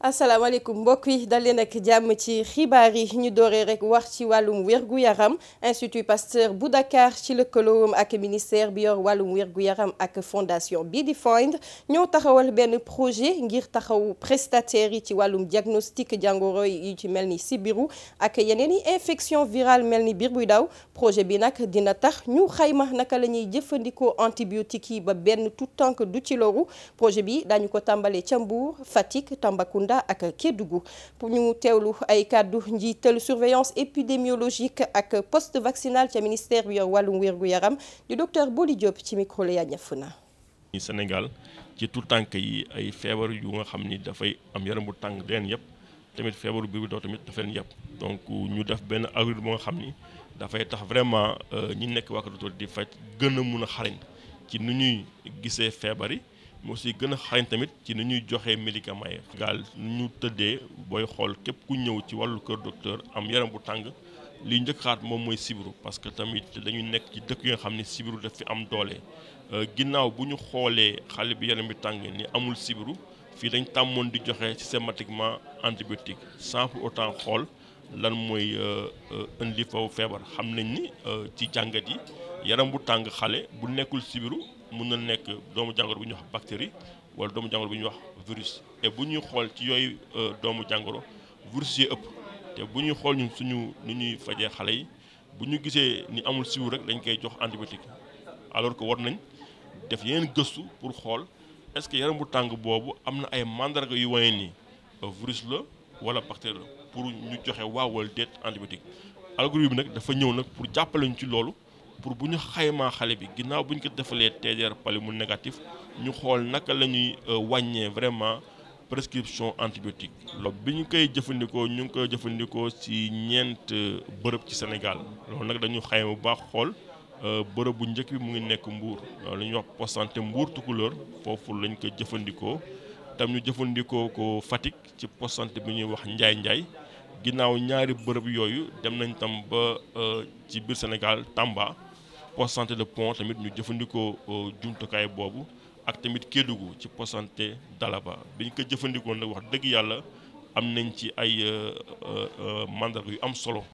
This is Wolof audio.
asalaamaaleykum mbokk yi dal leen ak jàmm ci xibaar yi ñu dooree rek wax ci wàllum wér-gu-yaram institut pasteur bu Dakar ci lëkkaloowam ak ministère bi yor wàllum wér yaram ak fondation bii di FOND ñoo taxawal benn projet ngir taxawu prestataires yi ci wàllum diagnostic jangoro yi ci mel ni sibiru ak yeneen yi infection virale mel ni biir buy daw projet bi nag dina tax ñu xayma naka la ñuy jëfandikoo antibiotiques yi ba benn tout tànk du ci loru projet bi daañu ko tàmbalee ca Mbour Fatick Tambacounda Tambacounda ak Kédougou pour ñu teewlu ay kàddu njiital surveillance épidémiologique ak post vaccinal ca ministère bi yor wàllum wér gu yaram di docteur Boli Diop ci micro la ñëf na. Sénégal ci tout tànk yi ay feebar yu nga xam ni dafay am yaram bu tàng deen yëpp tamit feebaru biir bi doo tamit dafa leen yëpp donc ñu def benn agri bu nga xam ni dafay tax vraiment euh, ñi nekk waa Kër di faj gën a mun a xarañ ci nu ñuy gisee feebar yi. moo si gën a xarañ tamit ci ni ñuy joxe médicaments yi. gaal ñu tëddee booy xool képp ku ñëw ci wàllu kër docteur am yaram bu tàng li njëkk xaat moom mooy sibiru parce que tamit dañu nekk ci dëkk yi xam ni sibiru daf fi am doole euh, ginnaaw bu ñu xoolee xale bi yaram bi tàng ni amul sibiru fii dañ tàmmoon di joxe systématiquement antibiotique sans pour autant xool lan mooy euh, euh, indi foofu feebar xam nañ ni ci jàngat yi yaram bu tàng xale bu nekkul sibiru. mun na nekk doomu jàngoro bu ñu wax bactérie wala doomu jàngoro bu ñuy wax virus te bu ñuy xool ci yooyu euh, doomu jàngoro virus yi ëpp te bu ñuy xool ñun suñu nu ñuy fajee yi bu ñu gisee ni amul siwu rek dañ koy jox antibiotique alors que war nañ def yenn gëstu pour xool est-ce que yaram bu tàng boobu am na ay mandarga yu wane ni euh, virus la wala bactérie la pour ñu joxe waawal wala déet antibiotique algorithme bi nag dafa ñëw nag pour jàppale ñu ci loolu. pour bu ñu xayma xale bi ginaaw bu ñu ko defalee TDR palu mu négatif ñu xool naka la ñuy euh, wàññee vraiment prescription antibiotique loolu bi ñu koy jëfandikoo ñu ngi koy jëfandikoo si ñeent euh, bërëb ci Sénégal loolu nag dañuy xayma bu baax xool euh, bërëb bu njëkk bi mu ngi nekk mbuur loolu la ñuy wax poste santé Mbour Tukulóor foofu lañ koy jëfandikoo tam ñu jëfandikoo ko Fatick ci poste bi ñuy wax Njaay Njaay ginnaaw ñaari bërëb yooyu dem nañ tam ba ci biir Sénégal Tamba poste santé de Pont tamit ñu jëfandikoo euh, jumtukaay boobu ak tamit Kédougou ci poste santé Dalaba bi ñu ko jëfandikoo nag wax dëgg yàlla am nañ ci ay euh, euh, mandarga yu am solo